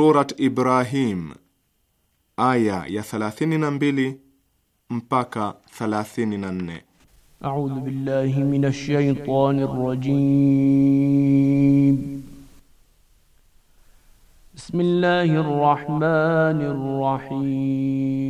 Surat Ibrahim aya ya 32 mpaka 34. A'udhu billahi minash rajim rrajim. Bismillahir rahmanir rahim.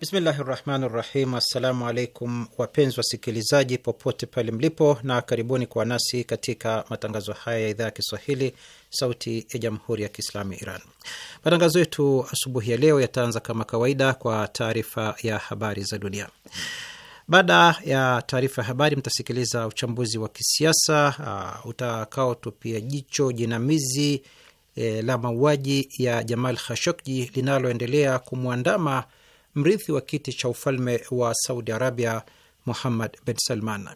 Bismillahi rahmani rahim. Assalamu alaikum wapenzi wasikilizaji popote pale mlipo, na karibuni kwa nasi katika matangazo haya ya idhaa ya Kiswahili sauti ya jamhuri ya Kiislamu ya Iran. Matangazo yetu asubuhi ya leo yataanza kama kawaida kwa taarifa ya habari za dunia. Baada ya taarifa ya habari, mtasikiliza uchambuzi wa kisiasa uh, utakaotupia jicho jinamizi eh, la mauaji ya Jamal Khashoggi linaloendelea kumwandama mrithi wa kiti cha ufalme wa Saudi Arabia, Muhammad bin Salman.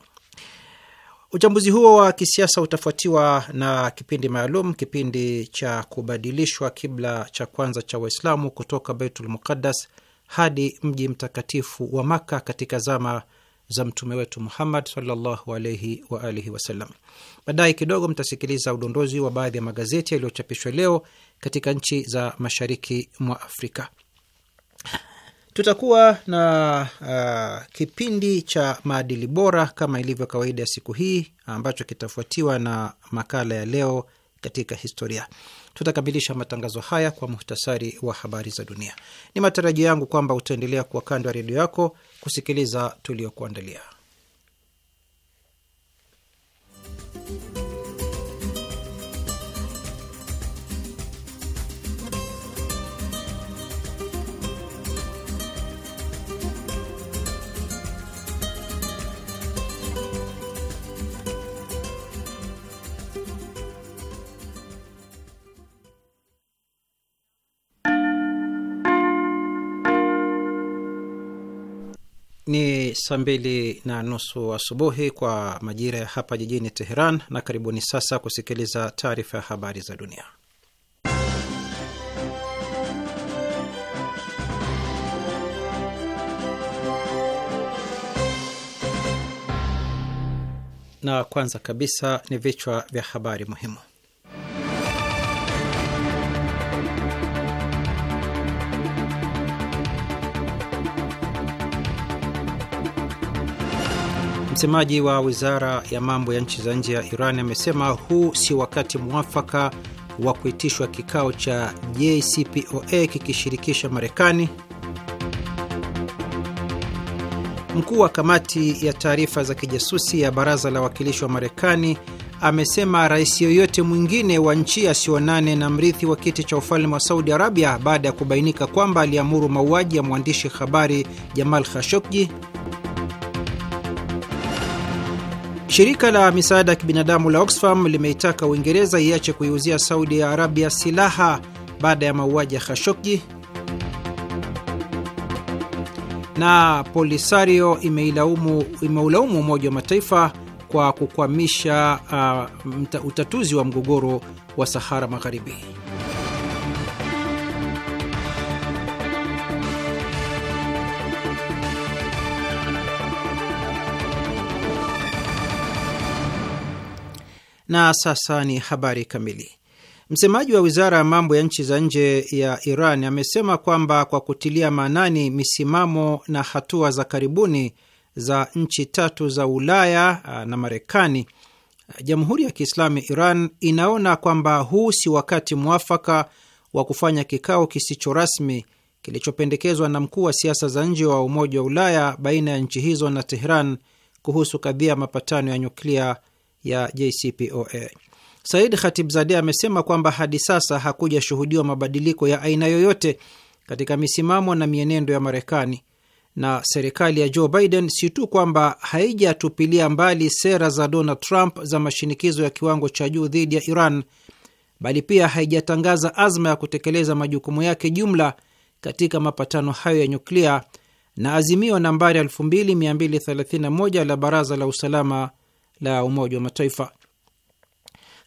Uchambuzi huo wa kisiasa utafuatiwa na kipindi maalum, kipindi cha kubadilishwa kibla cha kwanza cha Waislamu kutoka Baitul Muqaddas hadi mji mtakatifu wa Makka katika zama za mtume wetu Muhammad sallallahu alaihi wa alihi wasallam. Baadaye kidogo mtasikiliza udondozi wa baadhi ya magazeti yaliyochapishwa leo katika nchi za mashariki mwa Afrika. Tutakuwa na uh, kipindi cha maadili bora kama ilivyo kawaida ya siku hii ambacho kitafuatiwa na makala ya leo katika historia. Tutakamilisha matangazo haya kwa muhtasari wa habari za dunia. Ni matarajio yangu kwamba utaendelea kuwa kando ya redio yako kusikiliza tuliokuandalia. saa mbili na nusu asubuhi kwa majira ya hapa jijini Teheran, na karibuni sasa kusikiliza taarifa ya habari za dunia. Na kwanza kabisa ni vichwa vya habari muhimu. Msemaji wa wizara ya mambo ya nchi za nje ya Iran amesema huu si wakati mwafaka wa kuitishwa kikao cha JCPOA kikishirikisha Marekani. Mkuu wa kamati ya taarifa za kijasusi ya baraza la wawakilishi wa Marekani amesema rais yoyote mwingine wa nchi asionane na mrithi wa kiti cha ufalme wa Saudi Arabia baada ya kubainika kwamba aliamuru mauaji ya mwandishi habari Jamal Khashoggi. Shirika la misaada ya kibinadamu la Oxfam limeitaka Uingereza iache kuiuzia Saudi ya Arabia silaha baada ya mauaji ya Khashoggi, na Polisario imeilaumu imeulaumu Umoja wa Mataifa kwa kukwamisha uh, utatuzi wa mgogoro wa Sahara Magharibi. Na sasa ni habari kamili. Msemaji wa wizara ya mambo ya nchi za nje ya Iran amesema kwamba kwa kutilia maanani misimamo na hatua za karibuni za nchi tatu za Ulaya na Marekani, Jamhuri ya Kiislamu ya Iran inaona kwamba huu si wakati mwafaka wa kufanya kikao kisicho rasmi kilichopendekezwa na mkuu wa siasa za nje wa Umoja wa Ulaya baina ya nchi hizo na Teheran kuhusu kadhia mapatano ya nyuklia ya JCPOA. Said Khatibzadeh amesema kwamba hadi sasa hakujashuhudiwa mabadiliko ya aina yoyote katika misimamo na mienendo ya Marekani, na serikali ya Joe Biden si tu kwamba haijatupilia mbali sera za Donald Trump za mashinikizo ya kiwango cha juu dhidi ya Iran, bali pia haijatangaza azma ya kutekeleza majukumu yake jumla katika mapatano hayo ya nyuklia na azimio nambari 2231 la Baraza la Usalama la Umoja wa Mataifa.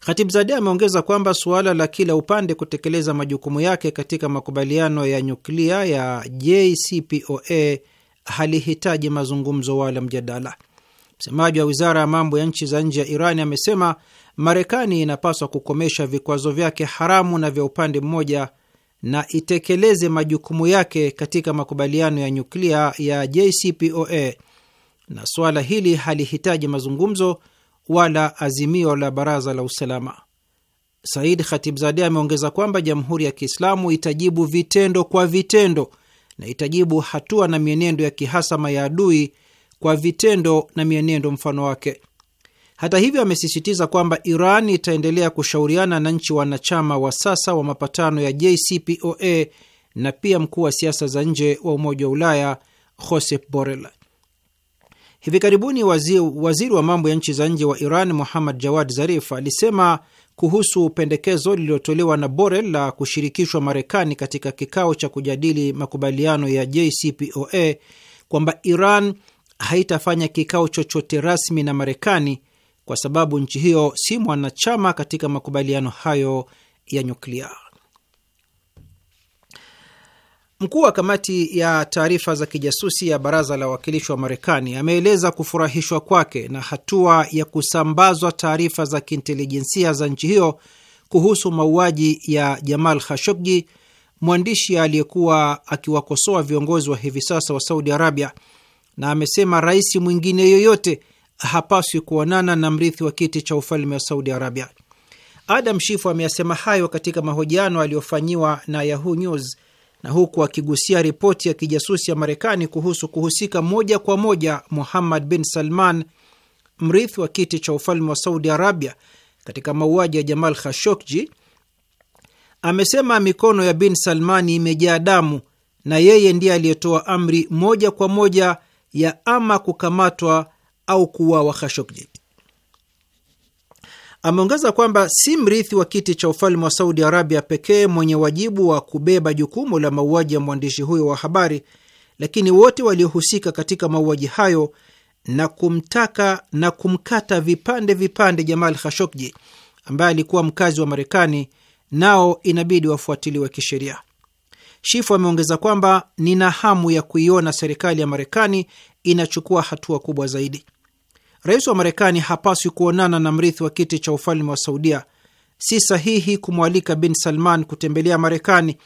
Khatibzadeh ameongeza kwamba suala la kila upande kutekeleza majukumu yake katika makubaliano ya nyuklia ya JCPOA halihitaji mazungumzo wala mjadala. Msemaji wa wizara ya mambo ya nchi za nje ya Iran amesema Marekani inapaswa kukomesha vikwazo vyake haramu na vya upande mmoja na itekeleze majukumu yake katika makubaliano ya nyuklia ya JCPOA na suala hili halihitaji mazungumzo wala azimio la baraza la usalama. Said Khatibzadeh ameongeza kwamba Jamhuri ya Kiislamu itajibu vitendo kwa vitendo na itajibu hatua na mienendo ya kihasama ya adui kwa vitendo na mienendo mfano wake. Hata hivyo, amesisitiza kwamba Iran itaendelea kushauriana na nchi wanachama wa sasa wa mapatano ya JCPOA na pia mkuu wa siasa za nje wa Umoja wa Ulaya Josep Borrell. Hivi karibuni waziri, waziri wa mambo ya nchi za nje wa Iran Muhammad Jawad Zarif alisema kuhusu pendekezo lililotolewa na Borel la kushirikishwa Marekani katika kikao cha kujadili makubaliano ya JCPOA kwamba Iran haitafanya kikao chochote rasmi na Marekani kwa sababu nchi hiyo si mwanachama katika makubaliano hayo ya nyuklia. Mkuu wa kamati ya taarifa za kijasusi ya baraza la wawakilishi wa Marekani ameeleza kufurahishwa kwake na hatua ya kusambazwa taarifa za kiintelijensia za nchi hiyo kuhusu mauaji ya Jamal Khashoggi, mwandishi aliyekuwa akiwakosoa viongozi wa hivi sasa wa Saudi Arabia, na amesema rais mwingine yoyote hapaswi kuonana na mrithi wa kiti cha ufalme wa Saudi Arabia. Adam Schiff ameyasema hayo katika mahojiano aliyofanyiwa na Yahoo News na huku akigusia ripoti ya kijasusi ya Marekani kuhusu kuhusika moja kwa moja Muhammad bin Salman, mrithi wa kiti cha ufalme wa Saudi Arabia, katika mauaji ya Jamal Khashoggi, amesema mikono ya bin Salmani imejaa damu na yeye ndiye aliyetoa amri moja kwa moja ya ama kukamatwa au kuuawa Khashoggi. Ameongeza kwamba si mrithi wa kiti cha ufalme wa Saudi Arabia pekee mwenye wajibu wa kubeba jukumu la mauaji ya mwandishi huyo wa habari, lakini wote waliohusika katika mauaji hayo na kumtaka na kumkata vipande vipande Jamal Khashoggi ambaye alikuwa mkazi wa Marekani nao inabidi wafuatiliwe kisheria. shifo ameongeza kwamba nina hamu ya kuiona serikali ya Marekani inachukua hatua kubwa zaidi. Rais wa Marekani hapaswi kuonana na mrithi wa kiti cha ufalme wa Saudia. Si sahihi kumwalika bin Salman kutembelea Marekani.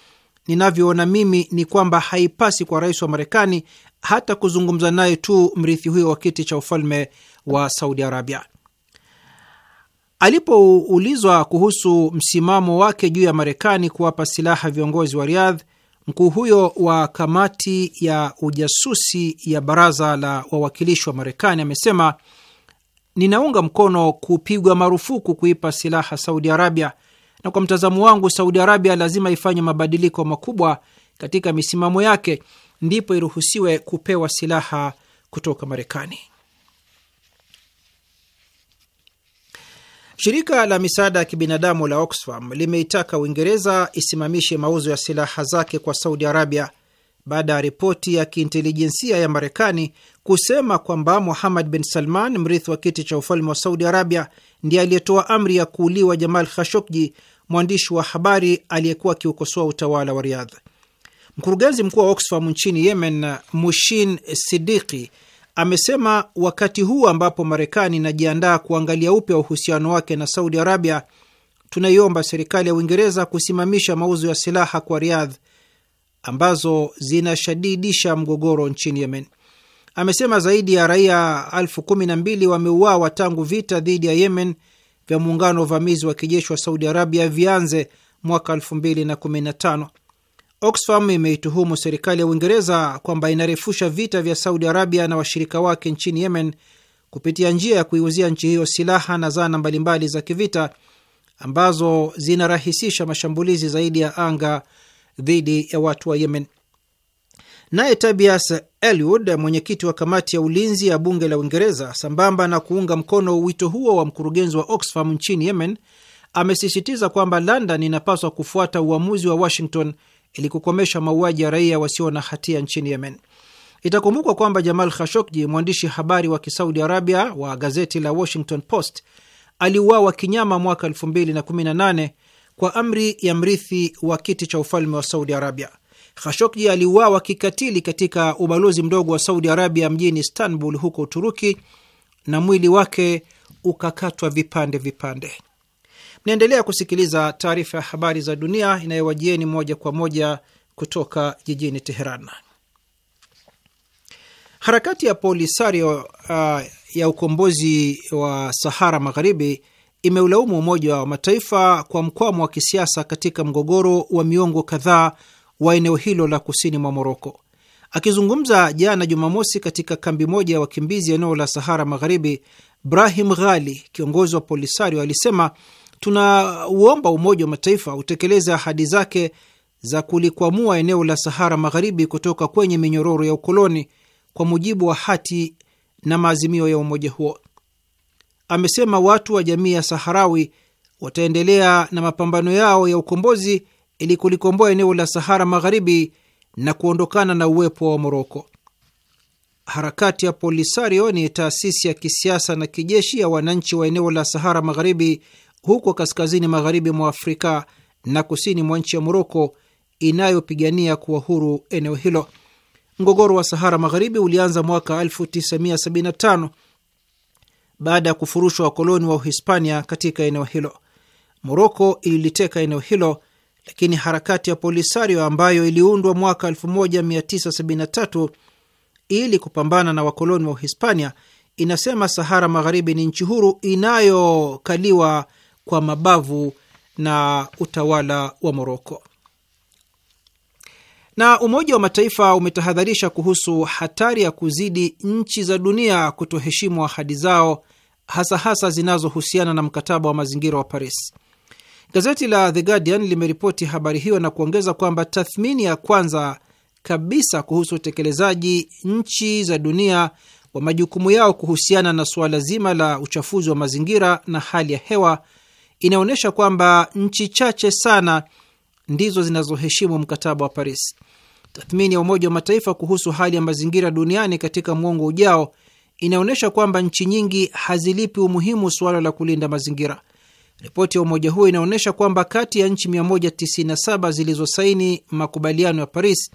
Ninavyoona mimi ni kwamba haipasi kwa rais wa Marekani hata kuzungumza naye tu mrithi huyo wa kiti cha ufalme wa Saudi Arabia. Alipoulizwa kuhusu msimamo wake juu ya Marekani kuwapa silaha viongozi wa Riyadh, mkuu huyo wa kamati ya ujasusi ya baraza la wawakilishi wa Marekani amesema ninaunga mkono kupigwa marufuku kuipa silaha Saudi Arabia, na kwa mtazamo wangu Saudi Arabia lazima ifanye mabadiliko makubwa katika misimamo yake, ndipo iruhusiwe kupewa silaha kutoka Marekani. Shirika la misaada ya kibinadamu la Oxfam limeitaka Uingereza isimamishe mauzo ya silaha zake kwa Saudi Arabia baada ya ripoti ya kiintelijensia ya Marekani kusema kwamba Muhammad bin Salman, mrithi wa kiti cha ufalme wa Saudi Arabia, ndiye aliyetoa amri ya kuuliwa Jamal Khashoggi, mwandishi wa habari aliyekuwa akiukosoa utawala wa Riyadh. Mkurugenzi mkuu wa Oxfam nchini Yemen, Mushin Sidiki, amesema wakati huu ambapo Marekani inajiandaa kuangalia upya uhusiano wake na Saudi Arabia, tunaiomba serikali ya Uingereza kusimamisha mauzo ya silaha kwa Riyadh ambazo zinashadidisha mgogoro nchini Yemen amesema zaidi ya raia elfu kumi na mbili wameuawa tangu vita dhidi ya Yemen vya muungano wa uvamizi wa kijeshi wa Saudi Arabia vianze mwaka 2015. Oxfam imeituhumu serikali ya Uingereza kwamba inarefusha vita vya Saudi Arabia na washirika wake nchini Yemen kupitia njia ya kuiuzia nchi hiyo silaha na zana mbalimbali za kivita ambazo zinarahisisha mashambulizi zaidi ya anga dhidi ya watu wa Yemen. Naye Tobias Eliud, mwenyekiti wa kamati ya ulinzi ya bunge la Uingereza, sambamba na kuunga mkono wito huo wa mkurugenzi wa Oxfam nchini Yemen, amesisitiza kwamba London inapaswa kufuata uamuzi wa Washington ili kukomesha mauaji ya raia wasio na hatia nchini Yemen. Itakumbukwa kwamba Jamal Khashoggi, mwandishi habari wa Kisaudi Arabia wa gazeti la Washington Post, aliuawa kinyama mwaka 2018 kwa amri ya mrithi wa kiti cha ufalme wa Saudi Arabia. Khashoggi aliuawa kikatili katika ubalozi mdogo wa Saudi Arabia mjini Istanbul huko Uturuki, na mwili wake ukakatwa vipande vipande. Mnaendelea kusikiliza taarifa ya habari za dunia inayowajieni moja kwa moja kutoka jijini Teheran. Harakati ya Polisario uh, ya ukombozi wa Sahara Magharibi imeulaumu Umoja wa Mataifa kwa mkwamo wa kisiasa katika mgogoro wa miongo kadhaa wa eneo hilo la kusini mwa Moroko. Akizungumza jana Jumamosi katika kambi moja ya wakimbizi eneo la Sahara Magharibi, Brahim Ghali, kiongozi wa Polisario, alisema tunauomba Umoja wa Mataifa utekeleze ahadi zake za kulikwamua eneo la Sahara Magharibi kutoka kwenye minyororo ya ukoloni kwa mujibu wa hati na maazimio ya umoja huo. Amesema watu wa jamii ya Saharawi wataendelea na mapambano yao ya ukombozi ili kulikomboa eneo la Sahara Magharibi na kuondokana na uwepo wa Moroko. Harakati ya Polisario ni taasisi ya kisiasa na kijeshi ya wananchi wa eneo la Sahara Magharibi huko kaskazini magharibi mwa Afrika na kusini mwa nchi ya Moroko inayopigania kuwa huru eneo hilo. Mgogoro wa Sahara Magharibi ulianza mwaka 1975 baada ya kufurushwa wakoloni wa Uhispania katika eneo hilo. Moroko ililiteka eneo hilo lakini harakati ya Polisario ambayo iliundwa mwaka 1973 ili kupambana na wakoloni wa Uhispania inasema Sahara Magharibi ni nchi huru inayokaliwa kwa mabavu na utawala wa Moroko. Na Umoja wa Mataifa umetahadharisha kuhusu hatari ya kuzidi nchi za dunia kutoheshimu ahadi zao, hasa hasa zinazohusiana na mkataba wa mazingira wa Paris. Gazeti la The Guardian limeripoti habari hiyo na kuongeza kwamba tathmini ya kwanza kabisa kuhusu utekelezaji nchi za dunia wa majukumu yao kuhusiana na suala zima la uchafuzi wa mazingira na hali ya hewa inaonyesha kwamba nchi chache sana ndizo zinazoheshimu mkataba wa Paris. Tathmini ya Umoja wa Mataifa kuhusu hali ya mazingira duniani katika mwongo ujao inaonyesha kwamba nchi nyingi hazilipi umuhimu suala la kulinda mazingira. Ripoti ya umoja huo inaonyesha kwamba kati ya nchi 197 zilizosaini makubaliano ya Paris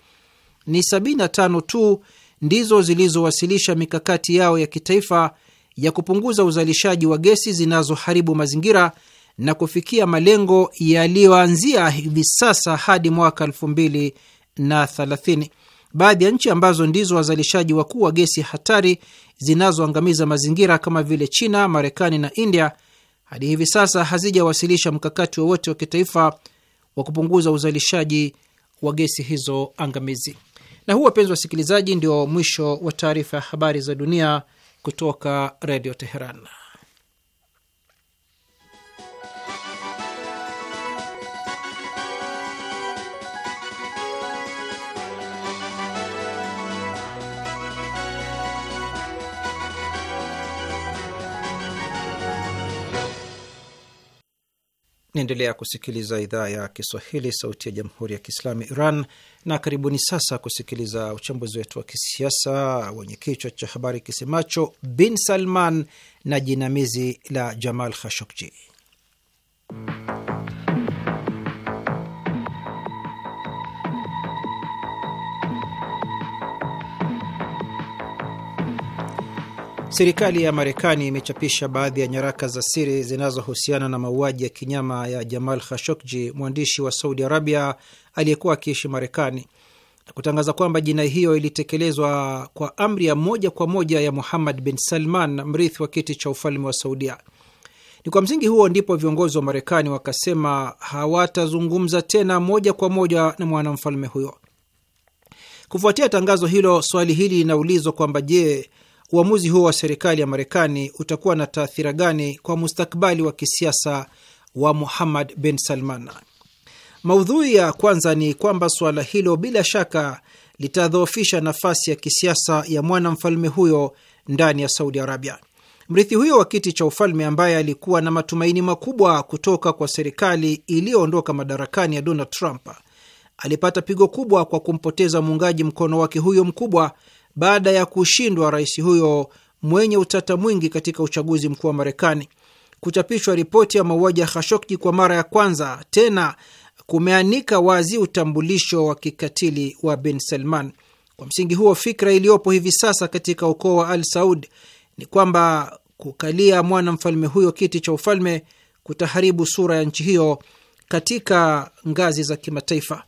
ni 75 tu ndizo zilizowasilisha mikakati yao ya kitaifa ya kupunguza uzalishaji wa gesi zinazoharibu mazingira na kufikia malengo yaliyoanzia hivi sasa hadi mwaka 2030. Baadhi ya nchi ambazo ndizo wazalishaji wakuu wa gesi hatari zinazoangamiza mazingira kama vile China, Marekani na India hadi hivi sasa hazijawasilisha mkakati wowote wa, wa kitaifa wa kupunguza uzalishaji wa gesi hizo angamizi. Na huu, wapenzi wasikilizaji, ndio mwisho wa taarifa ya habari za dunia kutoka Redio Teheran. Naendelea kusikiliza idhaa ya Kiswahili, sauti ya jamhuri ya kiislamu Iran, na karibuni sasa kusikiliza uchambuzi wetu wa kisiasa wenye kichwa cha habari kisemacho bin Salman na jinamizi la Jamal Khashoggi. Serikali ya Marekani imechapisha baadhi ya nyaraka za siri zinazohusiana na mauaji ya kinyama ya Jamal Khashoggi, mwandishi wa Saudi Arabia aliyekuwa akiishi Marekani, na kutangaza kwamba jinai hiyo ilitekelezwa kwa amri ya moja kwa moja ya Muhammad bin Salman, mrithi wa kiti cha ufalme wa Saudia. Ni kwa msingi huo ndipo viongozi wa Marekani wakasema hawatazungumza tena moja kwa moja na mwanamfalme huyo. Kufuatia tangazo hilo, swali hili linaulizwa kwamba je, uamuzi huo wa serikali ya Marekani utakuwa na taathira gani kwa mustakbali wa kisiasa wa Muhammad bin Salman? Maudhui ya kwanza ni kwamba suala hilo bila shaka litadhoofisha nafasi ya kisiasa ya mwanamfalme huyo ndani ya Saudi Arabia. Mrithi huyo wa kiti cha ufalme ambaye alikuwa na matumaini makubwa kutoka kwa serikali iliyoondoka madarakani ya Donald Trump alipata pigo kubwa kwa kumpoteza muungaji mkono wake huyo mkubwa baada ya kushindwa rais huyo mwenye utata mwingi katika uchaguzi mkuu wa Marekani. Kuchapishwa ripoti ya mauaji ya Khashoggi kwa mara ya kwanza tena kumeanika wazi utambulisho wa kikatili wa Bin Salman. Kwa msingi huo, fikra iliyopo hivi sasa katika ukoo wa Al Saud ni kwamba kukalia mwana mfalme huyo kiti cha ufalme kutaharibu sura ya nchi hiyo katika ngazi za kimataifa.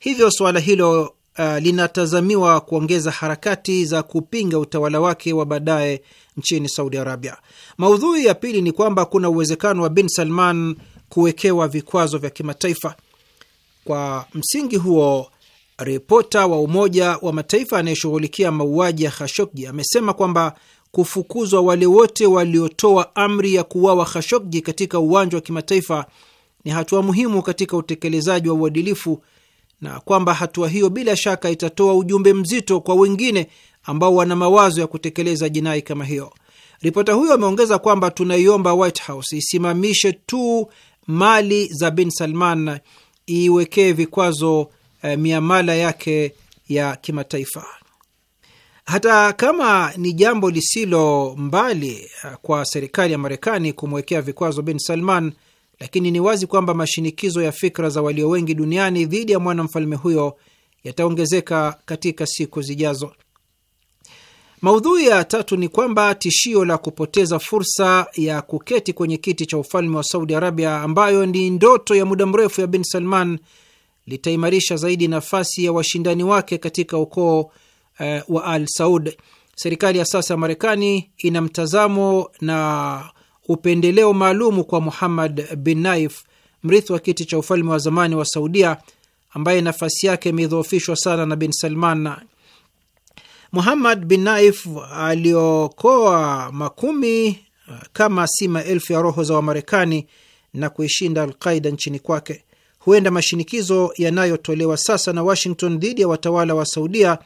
Hivyo suala hilo uh, linatazamiwa kuongeza harakati za kupinga utawala wake wa baadaye nchini Saudi Arabia. Maudhui ya pili ni kwamba kuna uwezekano wa bin Salman kuwekewa vikwazo vya kimataifa. Kwa msingi huo, ripota wa Umoja wa Mataifa anayeshughulikia mauaji ya Khashoggi amesema kwamba kufukuzwa wale wote waliotoa amri ya kuuawa Khashoggi katika uwanja wa kimataifa ni hatua muhimu katika utekelezaji wa uadilifu na kwamba hatua hiyo bila shaka itatoa ujumbe mzito kwa wengine ambao wana mawazo ya kutekeleza jinai kama hiyo. Ripota huyo ameongeza kwamba tunaiomba White House isimamishe tu mali za Bin Salman, iwekee vikwazo eh, miamala yake ya kimataifa. Hata kama ni jambo lisilo mbali eh, kwa serikali ya Marekani kumwekea vikwazo Bin Salman, lakini ni wazi kwamba mashinikizo ya fikra za walio wengi duniani dhidi ya mwanamfalme huyo yataongezeka katika siku zijazo. Maudhui ya tatu ni kwamba tishio la kupoteza fursa ya kuketi kwenye kiti cha ufalme wa Saudi Arabia, ambayo ni ndoto ya muda mrefu ya bin Salman, litaimarisha zaidi nafasi ya washindani wake katika ukoo uh, wa al Saud. Serikali ya sasa ya Marekani ina mtazamo na upendeleo maalumu kwa Muhammad bin Naif, mrithi wa kiti cha ufalme wa zamani wa Saudia, ambaye nafasi yake imedhoofishwa sana na bin Salman. Muhammad bin Naif aliokoa makumi uh, kama si maelfu ya roho za Wamarekani na kuishinda Alqaida nchini kwake. Huenda mashinikizo yanayotolewa sasa na Washington dhidi ya watawala wa Saudia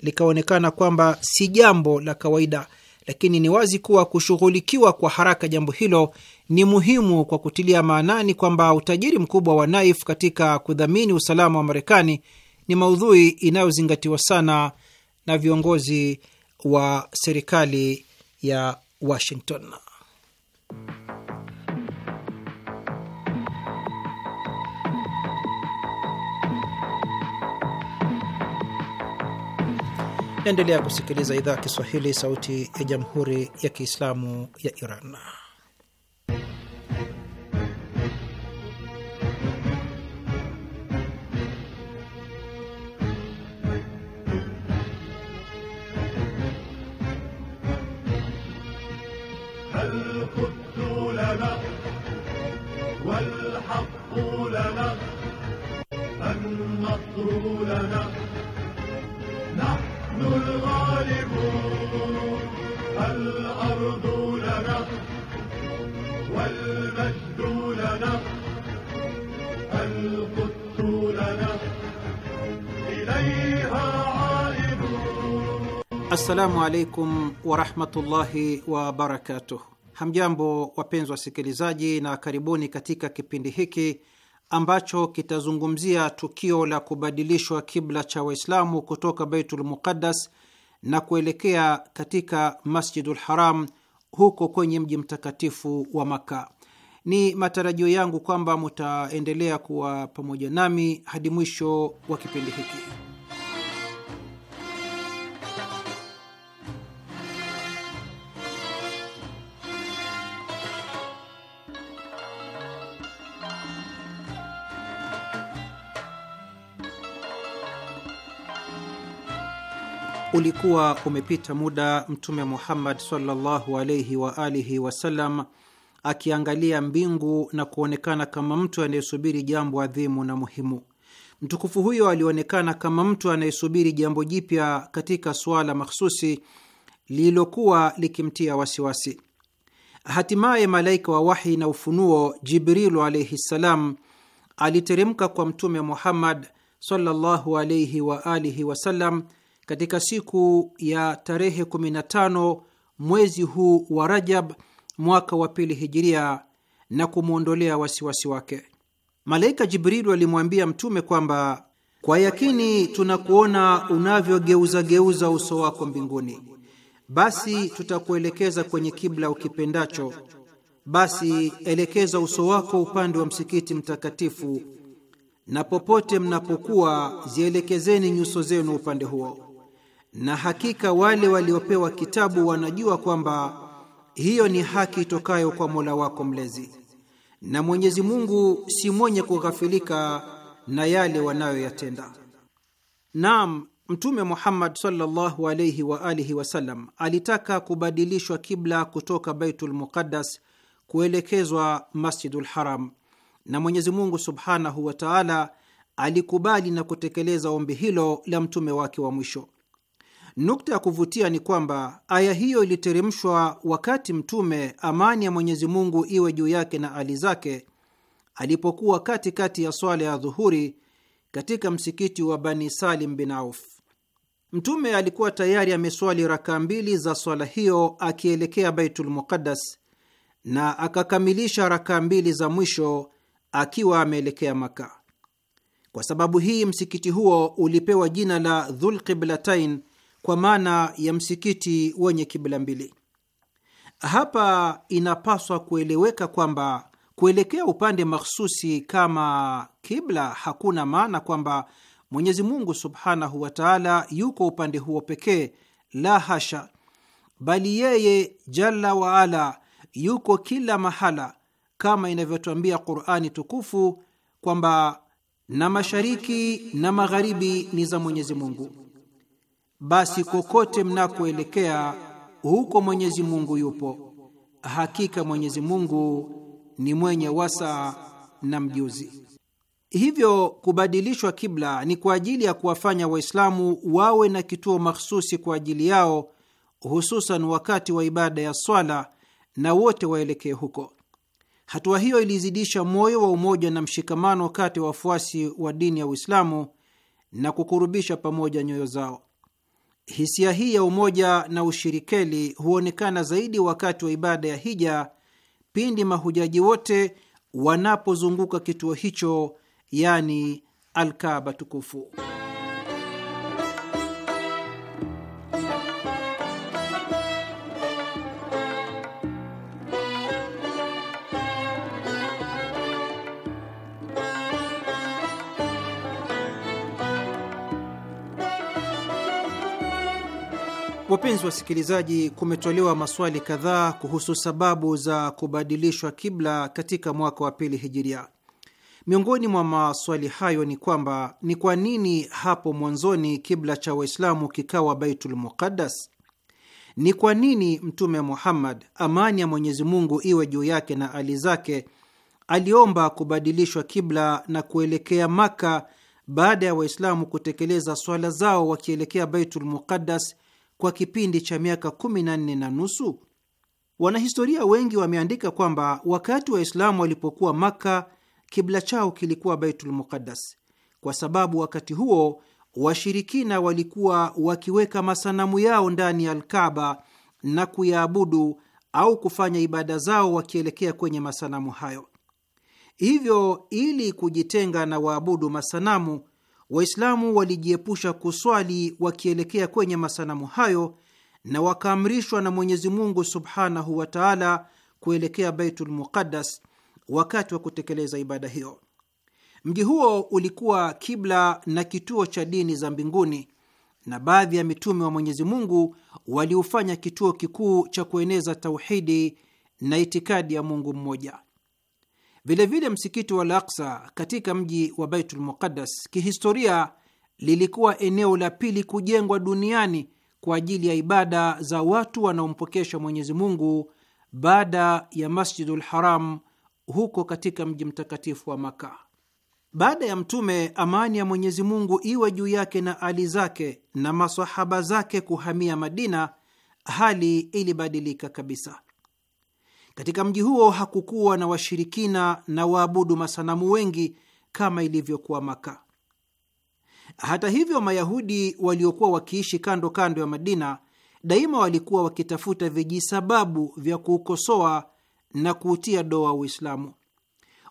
likaonekana kwamba si jambo la kawaida lakini ni wazi kuwa kushughulikiwa kwa haraka jambo hilo ni muhimu kwa kutilia maanani kwamba utajiri mkubwa wa Naif katika kudhamini usalama wa Marekani ni maudhui inayozingatiwa sana na viongozi wa serikali ya Washington. Naendelea kusikiliza idhaa ya Kiswahili, sauti ya jamhuri ya kiislamu ya Iran. Assalamu alaikum warahmatullahi wabarakatuh. Hamjambo wapenzi wasikilizaji, na karibuni katika kipindi hiki ambacho kitazungumzia tukio la kubadilishwa kibla cha Waislamu kutoka Baitul Muqaddas na kuelekea katika Masjidul Haram huko kwenye mji mtakatifu wa Makka. Ni matarajio yangu kwamba mutaendelea kuwa pamoja nami hadi mwisho wa kipindi hiki. ulikuwa umepita muda, Mtume Muhammad sallallahu alaihi wa alihi wasallam akiangalia mbingu na kuonekana kama mtu anayesubiri jambo adhimu na muhimu. Mtukufu huyo alionekana kama mtu anayesubiri jambo jipya katika suala mahsusi lililokuwa likimtia wasiwasi. Hatimaye malaika wa wahi na ufunuo Jibrilu alaihi ssalam aliteremka kwa Mtume Muhammad sallallahu alaihi wa alihi wasallam katika siku ya tarehe 15 mwezi huu wa Rajab mwaka wa pili hijiria na kumwondolea wasiwasi wake. Malaika Jibril alimwambia Mtume kwamba kwa yakini tunakuona unavyogeuzageuza uso wako mbinguni, basi tutakuelekeza kwenye kibla ukipendacho, basi elekeza uso wako upande wa msikiti mtakatifu, na popote mnapokuwa zielekezeni nyuso zenu upande huo na hakika wale waliopewa kitabu wanajua kwamba hiyo ni haki itokayo kwa Mola wako mlezi, na Mwenyezi Mungu si mwenye kughafilika na yale wanayoyatenda. Naam, Mtume Muhammad sallallahu alayhi wa alihi wasallam alitaka kubadilishwa kibla kutoka Baitul Muqaddas kuelekezwa Masjidul Haram, na Mwenyezi Mungu subhanahu wa taala alikubali na kutekeleza ombi hilo la mtume wake wa mwisho. Nukta ya kuvutia ni kwamba aya hiyo iliteremshwa wakati Mtume, amani ya Mwenyezi Mungu iwe juu yake na ali zake, alipokuwa katikati kati ya swala ya dhuhuri katika msikiti wa Bani Salim bin Auf. Mtume alikuwa tayari ameswali rakaa mbili za swala hiyo akielekea Baitul Muqaddas na akakamilisha rakaa mbili za mwisho akiwa ameelekea Maka. Kwa sababu hii msikiti huo ulipewa jina la Dhulqiblatain kwa maana ya msikiti wenye kibla mbili. Hapa inapaswa kueleweka kwamba kuelekea upande makhususi kama kibla hakuna maana kwamba Mwenyezi Mungu subhanahu wa taala yuko upande huo pekee, la hasha, bali yeye jalla waala yuko kila mahala kama inavyotwambia Qurani tukufu kwamba na mashariki na magharibi ni za Mwenyezi Mungu basi kokote mnakoelekea huko Mwenyezi Mungu yupo. Hakika Mwenyezi Mungu ni mwenye wasaa na mjuzi. Hivyo kubadilishwa kibla ni kwa ajili ya kuwafanya Waislamu wawe na kituo mahsusi kwa ajili yao, hususan wakati wa ibada ya swala, na wote waelekee huko. Hatua hiyo ilizidisha moyo wa umoja na mshikamano kati ya wafuasi wa dini ya Uislamu na kukurubisha pamoja nyoyo zao. Hisia hii ya umoja na ushirikeli huonekana zaidi wakati wa ibada ya hija, pindi mahujaji wote wanapozunguka kituo hicho, yani alkaba tukufu. Wapenzi wasikilizaji, kumetolewa maswali kadhaa kuhusu sababu za kubadilishwa kibla katika mwaka wa pili hijiria. Miongoni mwa maswali hayo ni kwamba ni kwa nini hapo mwanzoni kibla cha Waislamu kikawa Baitul Muqaddas? Ni kwa nini Mtume Muhammad, amani ya Mwenyezi Mungu iwe juu yake na ali zake, aliomba kubadilishwa kibla na kuelekea Maka baada ya Waislamu kutekeleza swala zao wakielekea Baitul Muqaddas kwa kipindi cha miaka kumi na nne na nusu? Wanahistoria wengi wameandika kwamba wakati Waislamu walipokuwa Makka, kibla chao kilikuwa Baitul Muqaddas, kwa sababu wakati huo washirikina walikuwa wakiweka masanamu yao ndani ya Alkaba na kuyaabudu au kufanya ibada zao wakielekea kwenye masanamu hayo. Hivyo, ili kujitenga na waabudu masanamu Waislamu walijiepusha kuswali wakielekea kwenye masanamu hayo na wakaamrishwa na Mwenyezi Mungu subhanahu wa taala kuelekea Baitul Muqaddas wakati wa kutekeleza ibada hiyo. Mji huo ulikuwa kibla na kituo cha dini za mbinguni, na baadhi ya mitume wa Mwenyezi Mungu waliufanya kituo kikuu cha kueneza tauhidi na itikadi ya Mungu mmoja. Vilevile msikiti wa Al-Aqsa katika mji wa Baitul Muqaddas kihistoria lilikuwa eneo la pili kujengwa duniani kwa ajili ya ibada za watu wanaompokesha Mwenyezi Mungu baada ya Masjidul Haram huko katika mji mtakatifu wa Maka. Baada ya Mtume, amani ya Mwenyezi Mungu iwe juu yake na ali zake na masahaba zake, kuhamia Madina, hali ilibadilika kabisa. Katika mji huo hakukuwa na washirikina na waabudu masanamu wengi kama ilivyokuwa Maka. Hata hivyo, Mayahudi waliokuwa wakiishi kando kando ya Madina daima walikuwa wakitafuta vijisababu vya kuukosoa na kuutia doa Uislamu.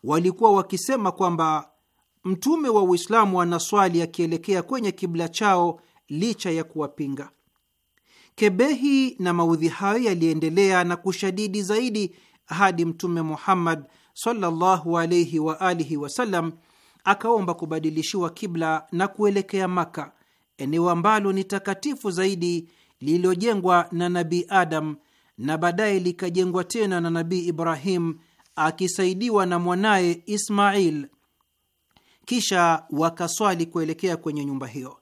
Walikuwa wakisema kwamba mtume wa Uislamu anaswali akielekea kwenye kibla chao licha ya kuwapinga. Kebehi na maudhi hayo yaliendelea na kushadidi zaidi hadi Mtume Muhammad sallallahu alaihi wa alihi wasallam akaomba kubadilishiwa kibla na kuelekea Maka, eneo ambalo ni takatifu zaidi lililojengwa na Nabii Adam na baadaye likajengwa tena na Nabii Ibrahim akisaidiwa na mwanaye Ismail. Kisha wakaswali kuelekea kwenye nyumba hiyo.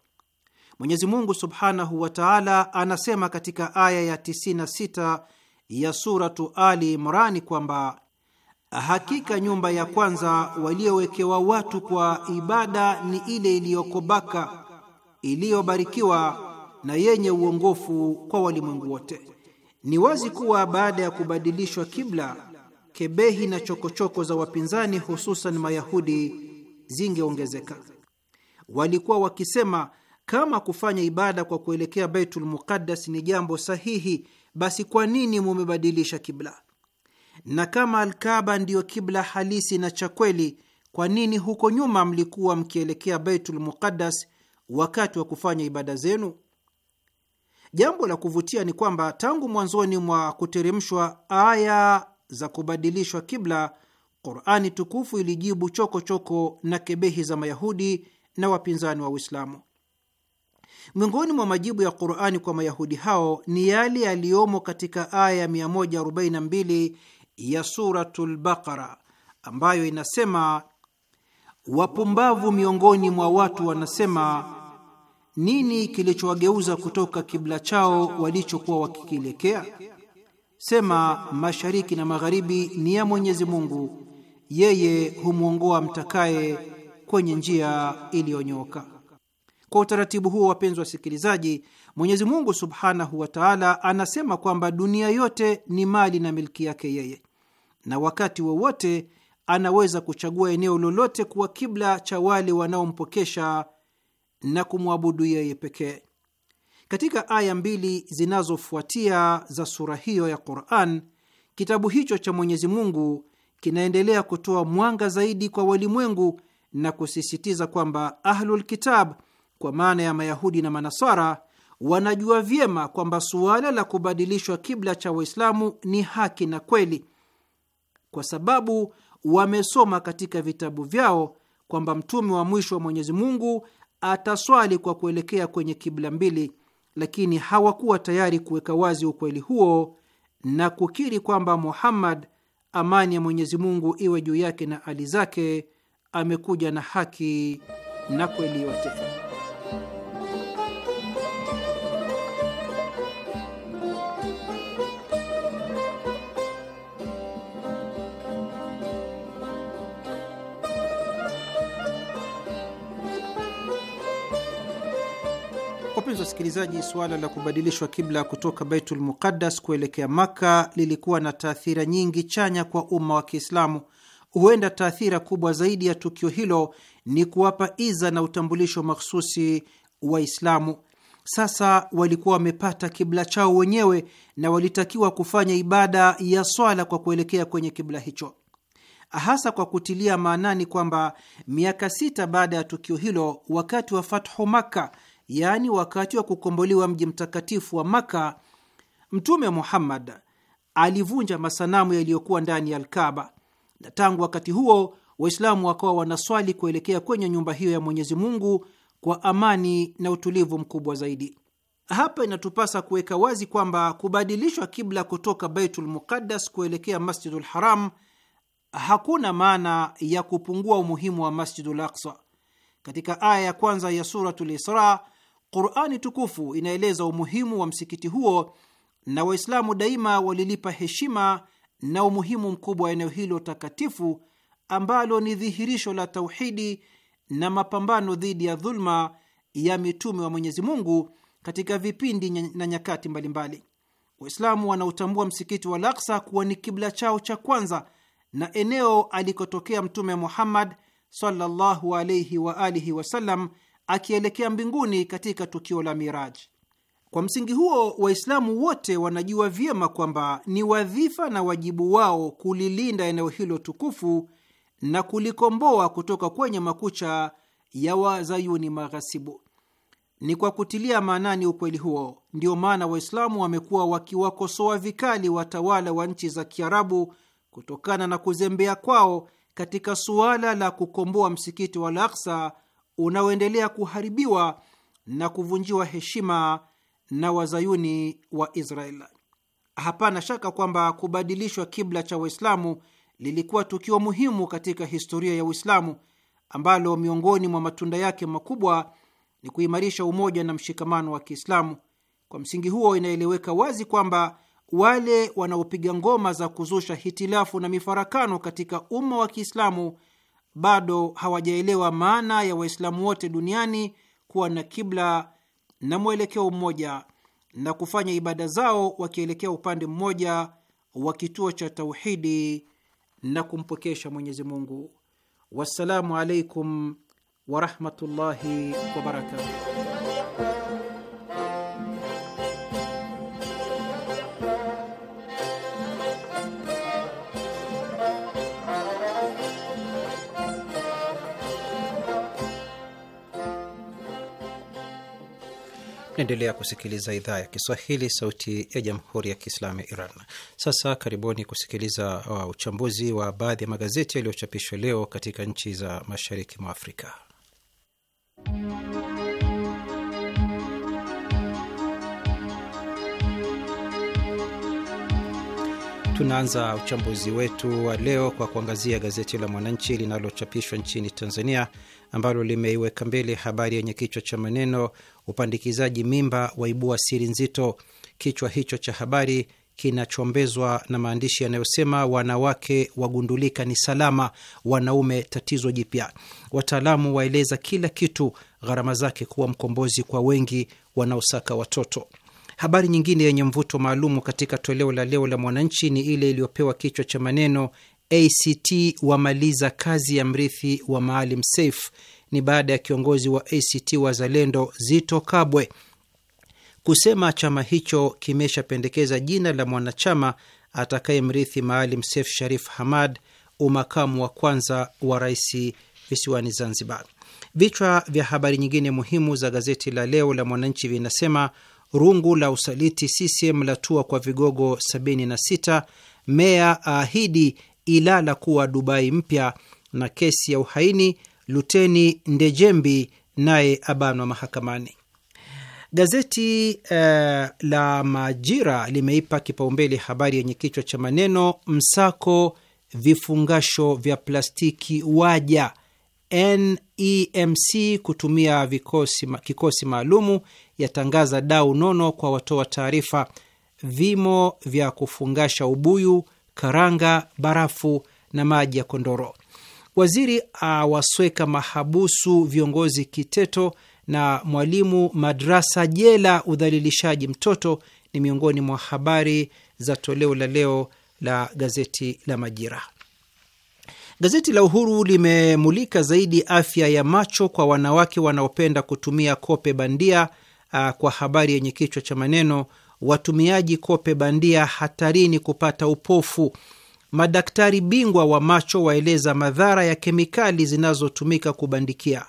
Mwenyezi Mungu subhanahu wa taala anasema katika aya ya 96 ya Suratu Ali Imrani kwamba hakika nyumba ya kwanza waliowekewa watu kwa ibada ni ile iliyoko Baka, iliyobarikiwa na yenye uongofu kwa walimwengu wote. Ni wazi kuwa baada ya kubadilishwa kibla, kebehi na chokochoko za wapinzani, hususan Mayahudi, zingeongezeka. Walikuwa wakisema kama kufanya ibada kwa kuelekea Baitul Muqaddas ni jambo sahihi, basi kwa nini mumebadilisha kibla? Na kama Alkaba ndiyo kibla halisi na cha kweli, kwa nini huko nyuma mlikuwa mkielekea Baitul Muqaddas wakati wa kufanya ibada zenu? Jambo la kuvutia ni kwamba tangu mwanzoni mwa kuteremshwa aya za kubadilishwa kibla, Qurani tukufu ilijibu chokochoko choko na kebehi za Mayahudi na wapinzani wa Uislamu. Miongoni mwa majibu ya Qurani kwa Mayahudi hao ni yale yaliyomo katika aya 142 ya Suratul Baqara ambayo inasema, wapumbavu miongoni mwa watu wanasema, nini kilichowageuza kutoka kibla chao walichokuwa wakikielekea? Sema, mashariki na magharibi ni ya Mwenyezi Mungu, yeye humwongoa mtakaye kwenye njia iliyonyoka. Kwa utaratibu huo, wapenzi wasikilizaji, Mwenyezi Mungu subhanahu wa taala anasema kwamba dunia yote ni mali na milki yake yeye, na wakati wowote wa anaweza kuchagua eneo lolote kuwa kibla cha wale wanaompokesha na kumwabudu yeye pekee. Katika aya mbili zinazofuatia za sura hiyo ya Quran, kitabu hicho cha Mwenyezi Mungu kinaendelea kutoa mwanga zaidi kwa walimwengu na kusisitiza kwamba Ahlulkitab kwa maana ya Mayahudi na Manasara, wanajua vyema kwamba suala la kubadilishwa kibla cha Waislamu ni haki na kweli, kwa sababu wamesoma katika vitabu vyao kwamba mtume wa mwisho wa Mwenyezi Mungu ataswali kwa kuelekea kwenye kibla mbili, lakini hawakuwa tayari kuweka wazi ukweli huo na kukiri kwamba Muhammad, amani ya Mwenyezi Mungu iwe juu yake na ali zake, amekuja na haki na kweli yote wasikilizaji, suala la kubadilishwa kibla kutoka Baitul Muqaddas kuelekea Makka lilikuwa na taathira nyingi chanya kwa umma wa Kiislamu. Huenda taathira kubwa zaidi ya tukio hilo ni kuwapa iza na utambulisho makhususi Waislamu. Sasa walikuwa wamepata kibla chao wenyewe na walitakiwa kufanya ibada ya swala kwa kuelekea kwenye kibla hicho, hasa kwa kutilia maanani kwamba miaka sita baada ya tukio hilo, wakati wa fathu Makka, yaani wakati wa kukombolewa mji mtakatifu wa Makka, Mtume Muhammad alivunja masanamu yaliyokuwa ndani ya Alkaba, na tangu wakati huo Waislamu wakawa wanaswali kuelekea kwenye nyumba hiyo ya Mwenyezi Mungu kwa amani na utulivu mkubwa zaidi. Hapa inatupasa kuweka wazi kwamba kubadilishwa kibla kutoka Baitul Muqaddas kuelekea Masjidul Haram hakuna maana ya kupungua umuhimu wa Masjidul Aqsa. Katika aya ya kwanza ya Suratul Isra, Qurani tukufu inaeleza umuhimu wa msikiti huo, na Waislamu daima walilipa heshima na umuhimu mkubwa wa eneo hilo takatifu ambalo ni dhihirisho la tauhidi na mapambano dhidi ya dhuluma ya mitume wa Mwenyezi Mungu katika vipindi na nyakati mbalimbali. Waislamu wanautambua msikiti wa Al-Aqsa kuwa ni kibla chao cha kwanza na eneo alikotokea Mtume Muhammad sallallahu alayhi wa alihi wasallam akielekea mbinguni katika tukio la Miraji. Kwa msingi huo, Waislamu wote wanajua vyema kwamba ni wadhifa na wajibu wao kulilinda eneo hilo tukufu na kulikomboa kutoka kwenye makucha ya wazayuni maghasibu. Ni kwa kutilia maanani ukweli huo, ndio maana Waislamu wamekuwa wakiwakosoa vikali watawala wa nchi za Kiarabu kutokana na kuzembea kwao katika suala la kukomboa msikiti wa Al-Aqsa unaoendelea kuharibiwa na kuvunjiwa heshima na wazayuni wa Israel. Hapana shaka kwamba kubadilishwa kibla cha Waislamu lilikuwa tukio muhimu katika historia ya Uislamu ambalo miongoni mwa matunda yake makubwa ni kuimarisha umoja na mshikamano wa Kiislamu. Kwa msingi huo, inaeleweka wazi kwamba wale wanaopiga ngoma za kuzusha hitilafu na mifarakano katika umma wa Kiislamu bado hawajaelewa maana ya Waislamu wote duniani kuwa na kibla na mwelekeo mmoja na kufanya ibada zao wakielekea upande mmoja wa kituo cha tauhidi na kumpokesha Mwenyezi Mungu. Wassalamu alaikum warahmatullahi wabarakatuh. endelea kusikiliza idhaa ya Kiswahili, sauti ya jamhuri ya kiislamu ya Iran. Sasa karibuni kusikiliza uh, uchambuzi wa baadhi ya magazeti yaliyochapishwa leo katika nchi za mashariki mwa Afrika. Tunaanza uchambuzi wetu wa leo kwa kuangazia gazeti la Mwananchi linalochapishwa nchini Tanzania, ambalo limeiweka mbele habari yenye kichwa cha maneno upandikizaji mimba waibua siri nzito. Kichwa hicho cha habari kinachombezwa na maandishi yanayosema wanawake wagundulika ni salama, wanaume tatizo jipya, wataalamu waeleza kila kitu, gharama zake kuwa mkombozi kwa wengi wanaosaka watoto. Habari nyingine yenye mvuto maalumu katika toleo la leo la Mwananchi ni ile iliyopewa kichwa cha maneno ACT wamaliza kazi ya mrithi wa Maalim Seif. Ni baada ya kiongozi wa ACT Wazalendo Zito Kabwe kusema chama hicho kimeshapendekeza jina la mwanachama atakayemrithi Maalim Seif Sharif Hamad, umakamu wa kwanza wa rais visiwani Zanzibar. Vichwa vya habari nyingine muhimu za gazeti la leo la Mwananchi vinasema rungu la usaliti CCM latua kwa vigogo 76, meya aahidi Ilala kuwa Dubai mpya, na kesi ya uhaini Luteni Ndejembi naye abanwa mahakamani. Gazeti eh, la Majira limeipa kipaumbele habari yenye kichwa cha maneno msako vifungasho vya plastiki waja NEMC kutumia vikosi, kikosi maalumu yatangaza dau nono kwa watoa taarifa, vimo vya kufungasha ubuyu, karanga, barafu na maji ya kondoro. Waziri awasweka mahabusu viongozi Kiteto na mwalimu madrasa jela. Udhalilishaji mtoto ni miongoni mwa habari za toleo la leo la gazeti la Majira. Gazeti la Uhuru limemulika zaidi afya ya macho kwa wanawake wanaopenda kutumia kope bandia uh, kwa habari yenye kichwa cha maneno watumiaji kope bandia hatarini kupata upofu, madaktari bingwa wa macho waeleza madhara ya kemikali zinazotumika kubandikia,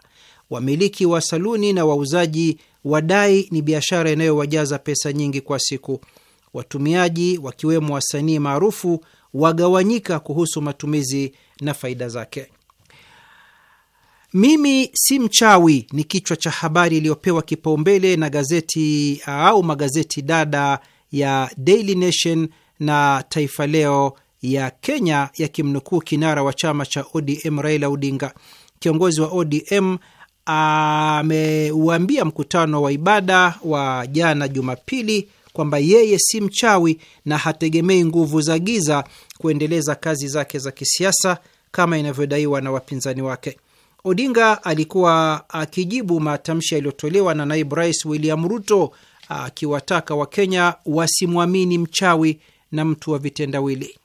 wamiliki wa saluni na wauzaji wadai ni biashara inayowajaza pesa nyingi kwa siku, watumiaji wakiwemo wasanii maarufu wagawanyika kuhusu matumizi na faida zake. Mimi si mchawi ni kichwa cha habari iliyopewa kipaumbele na gazeti uh, au magazeti dada ya Daily Nation na Taifa Leo ya Kenya, yakimnukuu kinara wa chama cha ODM Raila Odinga. Kiongozi wa ODM ameuambia mkutano wa ibada wa jana Jumapili kwamba yeye si mchawi na hategemei nguvu za giza kuendeleza kazi zake za kisiasa kama inavyodaiwa na wapinzani wake. Odinga alikuwa akijibu matamshi yaliyotolewa na naibu rais William Ruto akiwataka Wakenya wasimwamini mchawi na mtu wa vitendawili.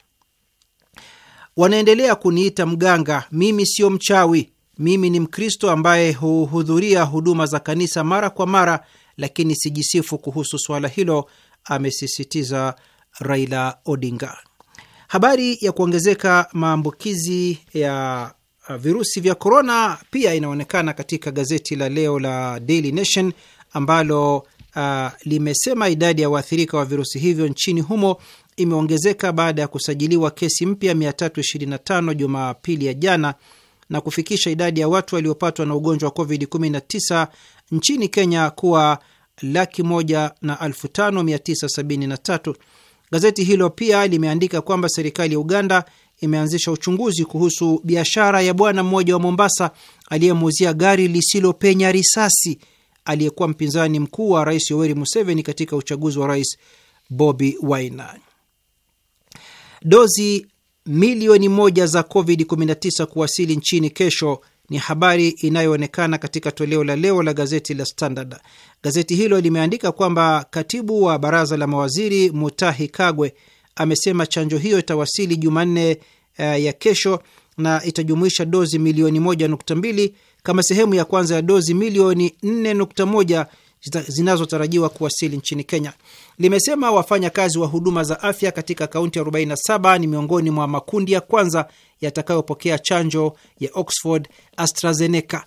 Wanaendelea kuniita mganga, mimi sio mchawi. Mimi ni Mkristo ambaye huhudhuria huduma za kanisa mara kwa mara, lakini sijisifu kuhusu suala hilo, amesisitiza Raila Odinga. Habari ya kuongezeka maambukizi ya Uh, virusi vya korona pia inaonekana katika gazeti la leo la Daily Nation ambalo uh, limesema idadi ya waathirika wa virusi hivyo nchini humo imeongezeka baada ya kusajiliwa kesi mpya 325 Jumapili ya jana na kufikisha idadi ya watu waliopatwa na ugonjwa wa COVID-19 nchini Kenya kuwa laki moja na elfu tano mia tisa sabini na tatu. Gazeti hilo pia limeandika kwamba serikali ya Uganda imeanzisha uchunguzi kuhusu biashara ya bwana mmoja wa Mombasa aliyemuuzia gari lisilopenya risasi aliyekuwa mpinzani mkuu wa rais Yoweri Museveni katika uchaguzi wa rais Bobi Wine. Dozi milioni moja za COVID-19 kuwasili nchini kesho ni habari inayoonekana katika toleo la leo la gazeti la Standard. Gazeti hilo limeandika kwamba katibu wa baraza la mawaziri Mutahi Kagwe amesema chanjo hiyo itawasili Jumanne uh, ya kesho na itajumuisha dozi milioni mbili kama sehemu ya kwanza ya dozi milioni moja zinazotarajiwa kuwasili nchini Kenya. Limesema wafanyakazi wa huduma za afya katika kaunti 47 ni miongoni mwa makundi ya kwanza yatakayopokea chanjo ya Oxford AstraZeneca.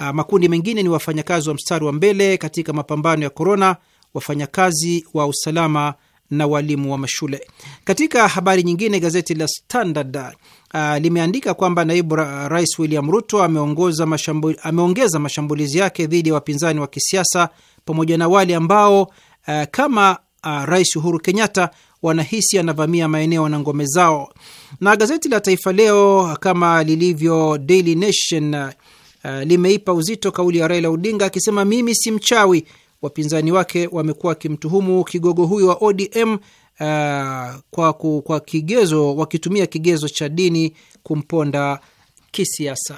Uh, makundi mengine ni wafanyakazi wa mstari wa mbele katika mapambano ya korona, wafanyakazi wa usalama na walimu wa mashule. Katika habari nyingine, gazeti la Standard uh, limeandika kwamba naibu ra rais William Ruto ameongoza mashambuli, ameongeza mashambulizi yake dhidi ya wapinzani wa kisiasa pamoja na wale ambao uh, kama uh, rais Uhuru Kenyatta wanahisi anavamia maeneo na ngome zao. Na gazeti la Taifa Leo kama lilivyo Daily Nation uh, limeipa uzito kauli ya Raila Odinga akisema mimi si mchawi Wapinzani wake wamekuwa wakimtuhumu kigogo huyo wa ODM uh, kwa, kwa kigezo wakitumia kigezo cha dini kumponda kisiasa.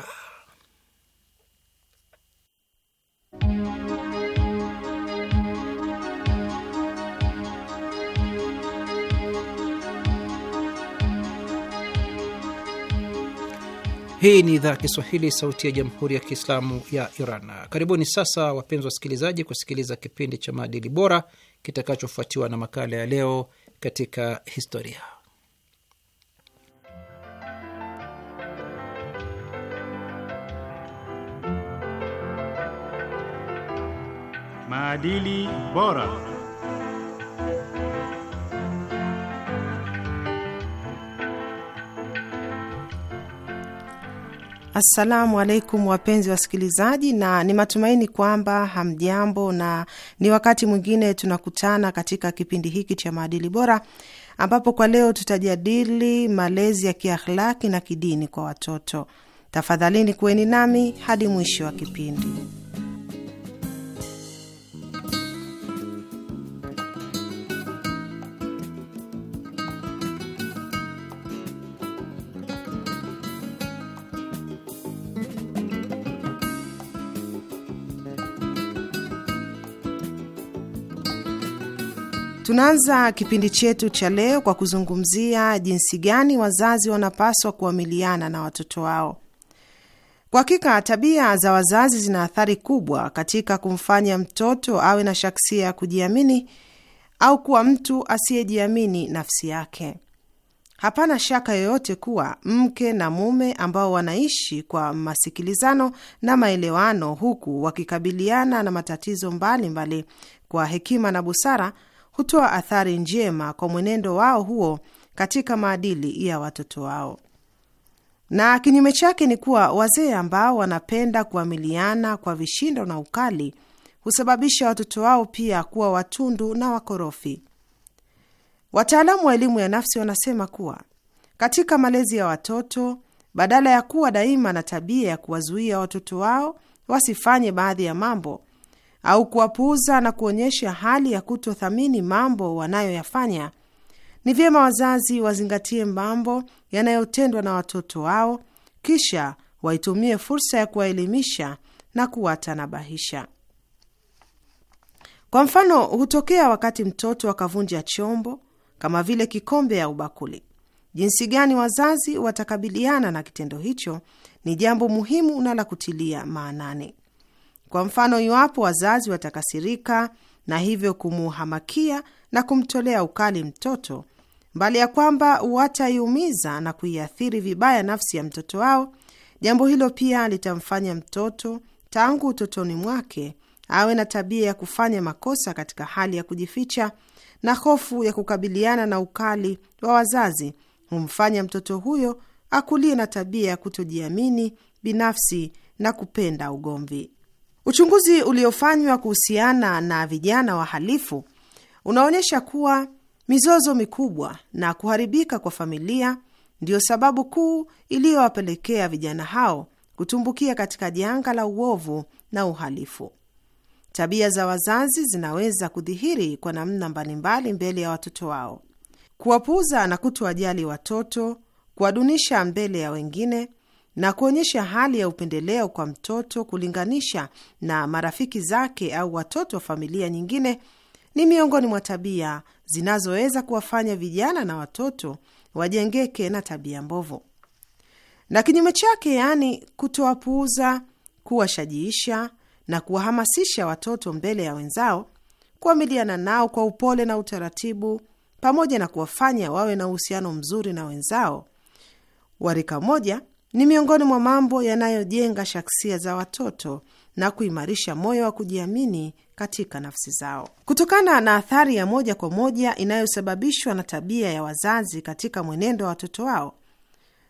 Hii ni idhaa ya Kiswahili, sauti ya jamhuri ya kiislamu ya Iran. Karibuni sasa, wapenzi wasikilizaji, kusikiliza kipindi cha maadili bora kitakachofuatiwa na makala ya leo katika historia. Maadili bora. Assalamu alaikum wapenzi wasikilizaji, na ni matumaini kwamba hamjambo, na ni wakati mwingine tunakutana katika kipindi hiki cha maadili bora, ambapo kwa leo tutajadili malezi ya kiakhlaki na kidini kwa watoto. Tafadhalini kuweni nami hadi mwisho wa kipindi. Tunaanza kipindi chetu cha leo kwa kuzungumzia jinsi gani wazazi wanapaswa kuamiliana na watoto wao. Kwa hakika tabia za wazazi zina athari kubwa katika kumfanya mtoto awe na shaksia ya kujiamini au kuwa mtu asiyejiamini nafsi yake. Hapana shaka yoyote kuwa mke na mume ambao wanaishi kwa masikilizano na maelewano, huku wakikabiliana na matatizo mbalimbali mbali kwa hekima na busara, hutoa athari njema kwa mwenendo wao huo katika maadili ya watoto wao. Na kinyume chake ni kuwa wazee ambao wanapenda kuamiliana kwa vishindo na ukali husababisha watoto wao pia kuwa watundu na wakorofi. Wataalamu wa elimu ya nafsi wanasema kuwa katika malezi ya watoto, badala ya kuwa daima na tabia ya kuwazuia watoto wao wasifanye baadhi ya mambo, au kuwapuuza na kuonyesha hali ya kutothamini mambo wanayoyafanya, ni vyema wazazi wazingatie mambo yanayotendwa na watoto wao, kisha waitumie fursa ya kuwaelimisha na kuwatanabahisha. Kwa mfano, hutokea wakati mtoto akavunja chombo kama vile kikombe au bakuli. Jinsi gani wazazi watakabiliana na kitendo hicho ni jambo muhimu na la kutilia maanani. Kwa mfano, iwapo wazazi watakasirika na hivyo kumuhamakia na kumtolea ukali mtoto, mbali ya kwamba wataiumiza na kuiathiri vibaya nafsi ya mtoto wao, jambo hilo pia litamfanya mtoto tangu utotoni mwake awe na tabia ya kufanya makosa katika hali ya kujificha, na hofu ya kukabiliana na ukali wa wazazi humfanya mtoto huyo akulie na tabia ya kutojiamini binafsi na kupenda ugomvi. Uchunguzi uliofanywa kuhusiana na vijana wahalifu unaonyesha kuwa mizozo mikubwa na kuharibika kwa familia ndiyo sababu kuu iliyowapelekea vijana hao kutumbukia katika janga la uovu na uhalifu. Tabia za wazazi zinaweza kudhihiri kwa namna mbalimbali mbele ya watoto wao: kuwapuuza na kutowajali watoto, kuwadunisha mbele ya wengine, na kuonyesha hali ya upendeleo kwa mtoto kulinganisha na marafiki zake au watoto wa familia nyingine ni miongoni mwa tabia zinazoweza kuwafanya vijana na watoto wajengeke na tabia mbovu. Na kinyume chake, yaani kutowapuuza, kuwashajiisha na kuwahamasisha watoto mbele ya wenzao, kuamiliana nao kwa upole na utaratibu, pamoja na kuwafanya wawe na uhusiano mzuri na wenzao wa rika moja, ni miongoni mwa mambo yanayojenga shaksia za watoto na kuimarisha moyo wa kujiamini katika nafsi zao. Kutokana na athari ya moja kwa moja inayosababishwa na tabia ya wazazi katika mwenendo wa watoto wao,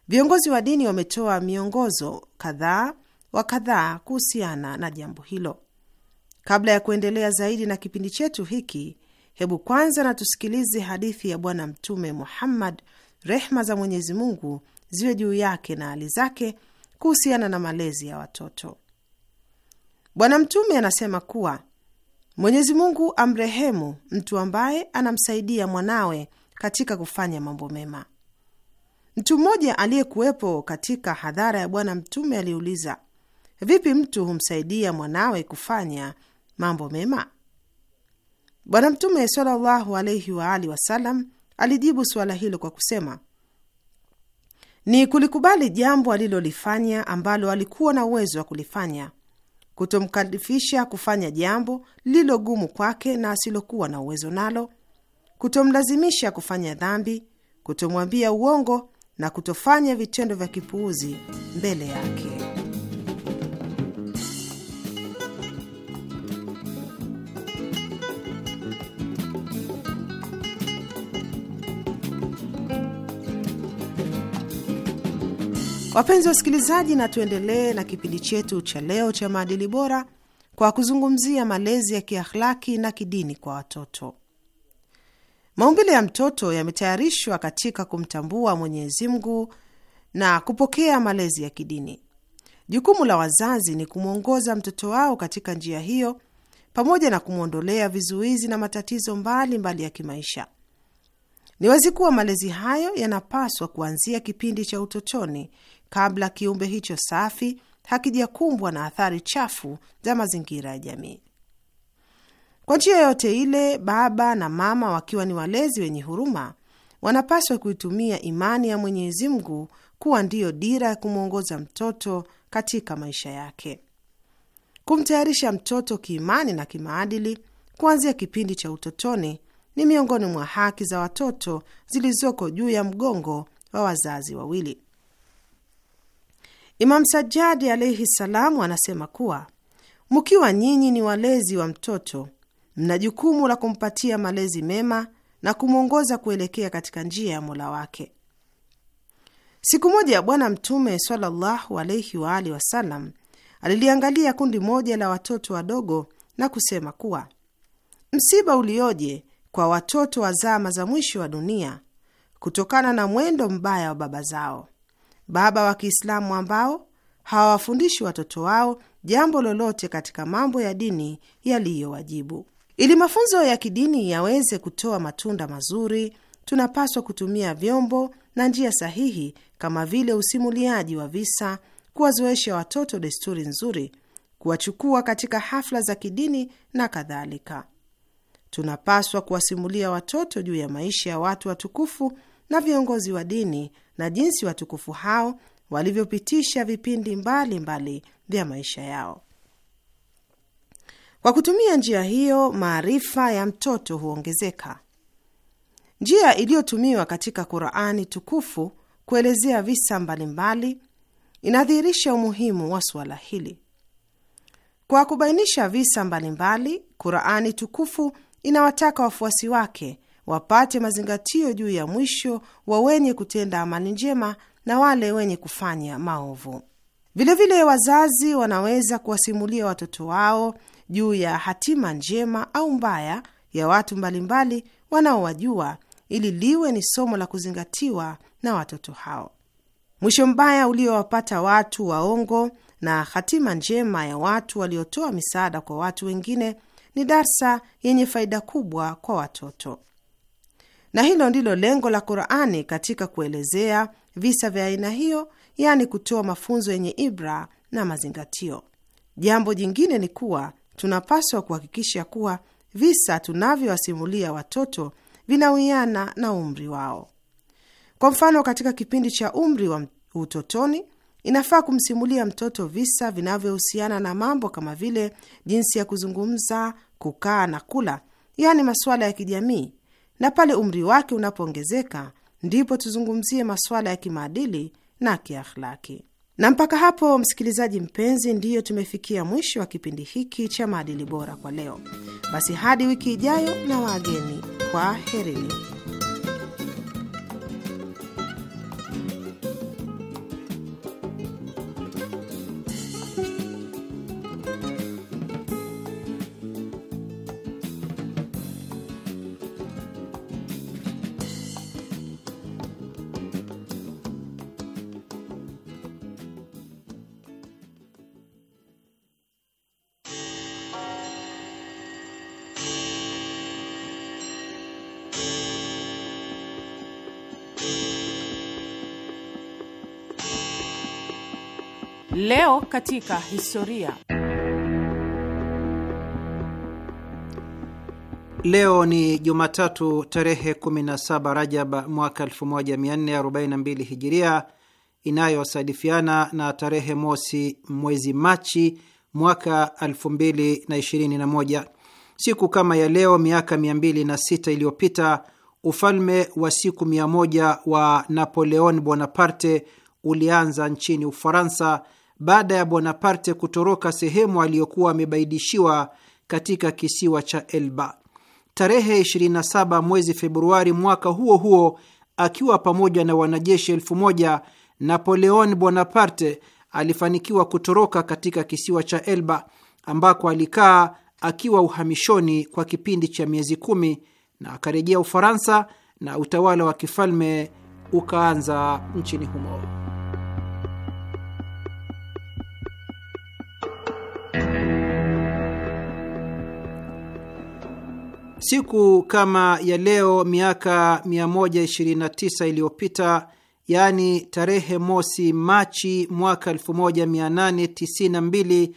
viongozi wa dini wametoa miongozo kadhaa wa kadhaa kuhusiana na jambo hilo. Kabla ya kuendelea zaidi na kipindi chetu hiki, hebu kwanza na tusikilize hadithi ya Bwana Mtume Muhammad, rehma za Mwenyezi Mungu ziwe juu yake na hali zake kuhusiana na malezi ya watoto. Bwana Mtume anasema kuwa Mwenyezi Mungu amrehemu mtu ambaye anamsaidia mwanawe katika kufanya mambo mema. Mtu mmoja aliyekuwepo katika hadhara ya Bwana Mtume aliuliza, vipi mtu humsaidia mwanawe kufanya mambo mema? Bwana Mtume sallallahu alaihi waalihi wasalam alijibu suala hilo kwa kusema, ni kulikubali jambo alilolifanya ambalo alikuwa na uwezo wa kulifanya, kutomkalifisha kufanya jambo lililo gumu kwake na asilokuwa na uwezo nalo, kutomlazimisha kufanya dhambi, kutomwambia uongo na kutofanya vitendo vya kipuuzi mbele yake. Wapenzi wasikilizaji, na tuendelee na kipindi chetu cha leo cha maadili bora kwa kuzungumzia malezi ya kiakhlaki na kidini kwa watoto. Maumbile ya mtoto yametayarishwa katika kumtambua Mwenyezi Mungu na kupokea malezi ya kidini. Jukumu la wazazi ni kumwongoza mtoto wao katika njia hiyo, pamoja na kumwondolea vizuizi na matatizo mbalimbali mbali ya kimaisha. Ni wazi kuwa malezi hayo yanapaswa kuanzia kipindi cha utotoni kabla kiumbe hicho safi hakijakumbwa na athari chafu za mazingira ya jamii. Kwa njia yote ile, baba na mama wakiwa ni walezi wenye huruma, wanapaswa kuitumia imani ya Mwenyezi Mungu kuwa ndiyo dira ya kumwongoza mtoto katika maisha yake, kumtayarisha mtoto kiimani na kimaadili kuanzia kipindi cha utotoni ni miongoni mwa haki za watoto zilizoko juu ya mgongo wa wazazi wawili. Imam Sajadi alaihi salamu anasema kuwa mkiwa nyinyi ni walezi wa mtoto, mna jukumu la kumpatia malezi mema na kumwongoza kuelekea katika njia ya mola wake. Siku moja ya Bwana Mtume sallallahu alaihi wa alihi wasallam aliliangalia kundi moja la watoto wadogo na kusema kuwa msiba ulioje kwa watoto wa zama za mwisho wa dunia kutokana na mwendo mbaya wa baba zao baba wa Kiislamu ambao hawawafundishi watoto wao jambo lolote katika mambo ya dini yaliyowajibu. Ili mafunzo ya kidini yaweze kutoa matunda mazuri, tunapaswa kutumia vyombo na njia sahihi kama vile usimuliaji wa visa, kuwazoesha watoto desturi nzuri, kuwachukua katika hafla za kidini na kadhalika. Tunapaswa kuwasimulia watoto juu ya maisha ya watu watukufu na viongozi wa dini na jinsi watukufu hao walivyopitisha vipindi mbalimbali vya maisha yao. Kwa kutumia njia hiyo, maarifa ya mtoto huongezeka. Njia iliyotumiwa katika Qurani tukufu kuelezea visa mbalimbali inadhihirisha umuhimu wa suala hili. Kwa kubainisha visa mbalimbali, Qurani tukufu inawataka wafuasi wake wapate mazingatio juu ya mwisho wa wenye kutenda amali njema na wale wenye kufanya maovu. Vilevile, wazazi wanaweza kuwasimulia watoto wao juu ya hatima njema au mbaya ya watu mbalimbali wanaowajua ili liwe ni somo la kuzingatiwa na watoto hao. Mwisho mbaya uliowapata watu waongo na hatima njema ya watu waliotoa misaada kwa watu wengine ni darsa yenye faida kubwa kwa watoto na hilo ndilo lengo la Qurani katika kuelezea visa vya aina hiyo, yaani kutoa mafunzo yenye ibra na mazingatio. Jambo jingine ni kuwa tunapaswa kuhakikisha kuwa visa tunavyowasimulia watoto vinawiana na umri wao. Kwa mfano, katika kipindi cha umri wa utotoni inafaa kumsimulia mtoto visa vinavyohusiana na mambo kama vile jinsi ya kuzungumza, kukaa na kula, yaani masuala ya kijamii na pale umri wake unapoongezeka ndipo tuzungumzie masuala ya kimaadili na kiakhlaki. Na mpaka hapo, msikilizaji mpenzi, ndiyo tumefikia mwisho wa kipindi hiki cha maadili bora kwa leo. Basi hadi wiki ijayo, na wageni, herini. Leo katika historia. Leo ni Jumatatu tarehe 17 Rajab mwaka 1442 Hijiria, inayosadifiana na tarehe mosi mwezi Machi mwaka 2021. Siku kama ya leo miaka 206 iliyopita ufalme wa siku 100 wa Napoleon Bonaparte ulianza nchini Ufaransa baada ya Bonaparte kutoroka sehemu aliyokuwa amebaidishiwa katika kisiwa cha Elba. Tarehe 27 mwezi Februari mwaka huo huo, akiwa pamoja na wanajeshi elfu moja, Napoleon Bonaparte alifanikiwa kutoroka katika kisiwa cha Elba ambako alikaa akiwa uhamishoni kwa kipindi cha miezi kumi na akarejea Ufaransa na utawala wa kifalme ukaanza nchini humo. Siku kama ya leo miaka 129 iliyopita, yaani tarehe mosi Machi mwaka 1892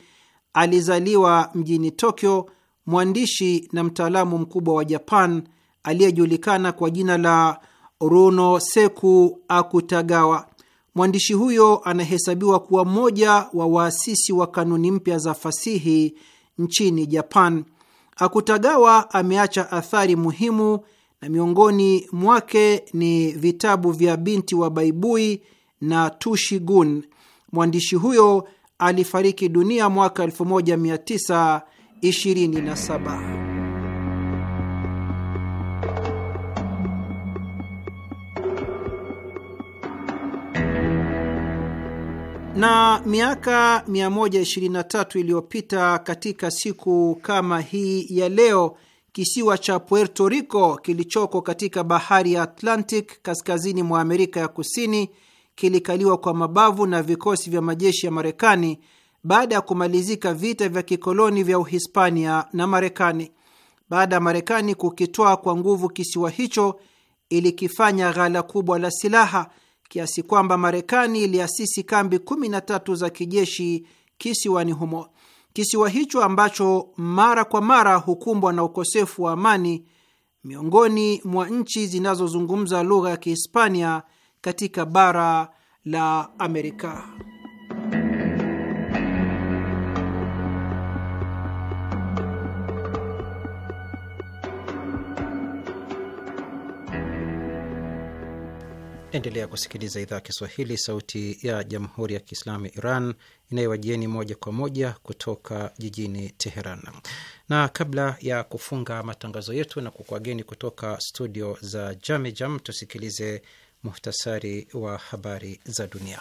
alizaliwa mjini Tokyo mwandishi na mtaalamu mkubwa wa Japan aliyejulikana kwa jina la Runoseku Akutagawa. Mwandishi huyo anahesabiwa kuwa mmoja wa waasisi wa kanuni mpya za fasihi nchini Japan. Akutagawa ameacha athari muhimu na miongoni mwake ni vitabu vya Binti wa Baibui na tushi gun Mwandishi huyo alifariki dunia mwaka 1927. Na miaka 123 iliyopita katika siku kama hii ya leo, kisiwa cha Puerto Rico kilichoko katika bahari ya Atlantic kaskazini mwa Amerika ya Kusini kilikaliwa kwa mabavu na vikosi vya majeshi ya Marekani baada ya kumalizika vita vya kikoloni vya Uhispania na Marekani. Baada ya Marekani kukitwaa kwa nguvu kisiwa hicho, ilikifanya ghala kubwa la silaha kiasi kwamba Marekani iliasisi kambi 13 za kijeshi kisiwani humo. Kisiwa hicho ambacho mara kwa mara hukumbwa na ukosefu wa amani miongoni mwa nchi zinazozungumza lugha ya Kihispania katika bara la Amerika. endelea kusikiliza idhaa ya Kiswahili, sauti ya jamhuri ya kiislamu ya Iran inayowajieni moja kwa moja kutoka jijini Teheran. Na kabla ya kufunga matangazo yetu na kukuageni kutoka studio za Jamejam, tusikilize muhtasari wa habari za dunia.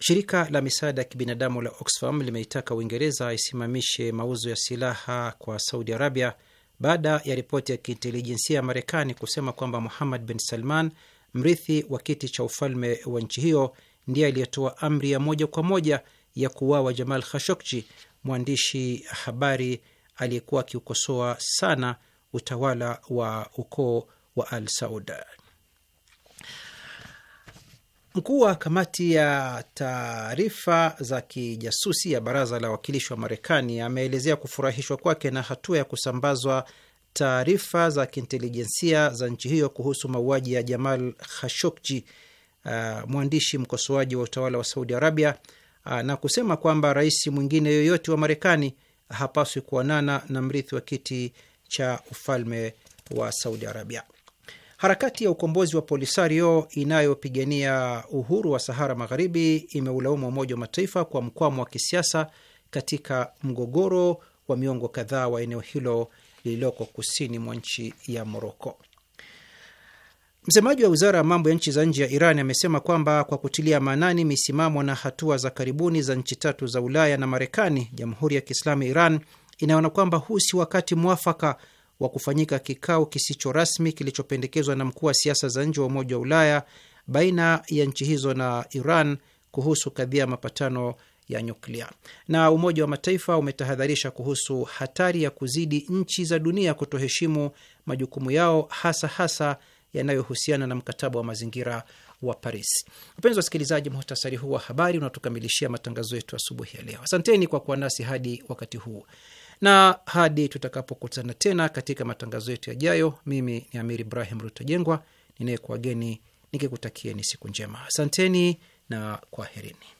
Shirika la misaada ya kibinadamu la Oxfam limeitaka Uingereza isimamishe mauzo ya silaha kwa Saudi Arabia baada ya ripoti ya kiintelijensia ya Marekani kusema kwamba Muhammad bin Salman mrithi wa kiti cha ufalme wa nchi hiyo ndiye aliyetoa amri ya moja kwa moja ya kuuawa Jamal Khashoggi, mwandishi habari aliyekuwa akiukosoa sana utawala wa ukoo wa Al Saud. Mkuu wa kamati ya taarifa za kijasusi ya baraza la wawakilishi wa Marekani ameelezea kufurahishwa kwake na hatua ya kusambazwa taarifa za kiintelijensia za nchi hiyo kuhusu mauaji ya Jamal Khashoggi, uh, mwandishi mkosoaji wa utawala wa Saudi Arabia, uh, na kusema kwamba rais mwingine yoyote wa Marekani hapaswi kuonana na mrithi wa kiti cha ufalme wa Saudi Arabia. Harakati ya ukombozi wa Polisario inayopigania uhuru wa Sahara Magharibi imeulaumu Umoja wa Mataifa kwa mkwamo wa kisiasa katika mgogoro wa miongo kadhaa wa eneo hilo lililoko kusini mwa nchi ya Moroko. Msemaji wa wizara ya mambo ya nchi za nje ya Iran amesema kwamba kwa kutilia maanani misimamo na hatua za karibuni za nchi tatu za Ulaya na Marekani, Jamhuri ya Kiislamu ya Iran inaona kwamba huu si wakati mwafaka wa kufanyika kikao kisicho rasmi kilichopendekezwa na mkuu wa siasa za nje wa Umoja wa Ulaya baina ya nchi hizo na Iran kuhusu kadhia mapatano ya nyuklia. Na Umoja wa Mataifa umetahadharisha kuhusu hatari ya kuzidi nchi za dunia kutoheshimu majukumu yao, hasa hasa yanayohusiana na mkataba wa mazingira wa Paris. Mpenzi wasikilizaji, muhtasari huu wa habari unatukamilishia matangazo yetu asubuhi ya leo. Asanteni kwa kuwa nasi hadi wakati huu na hadi tutakapokutana tena katika matangazo yetu yajayo. Mimi ni Amir Ibrahim Rutajengwa ninayekuwageni nikikutakieni siku njema. Asanteni na kwaherini.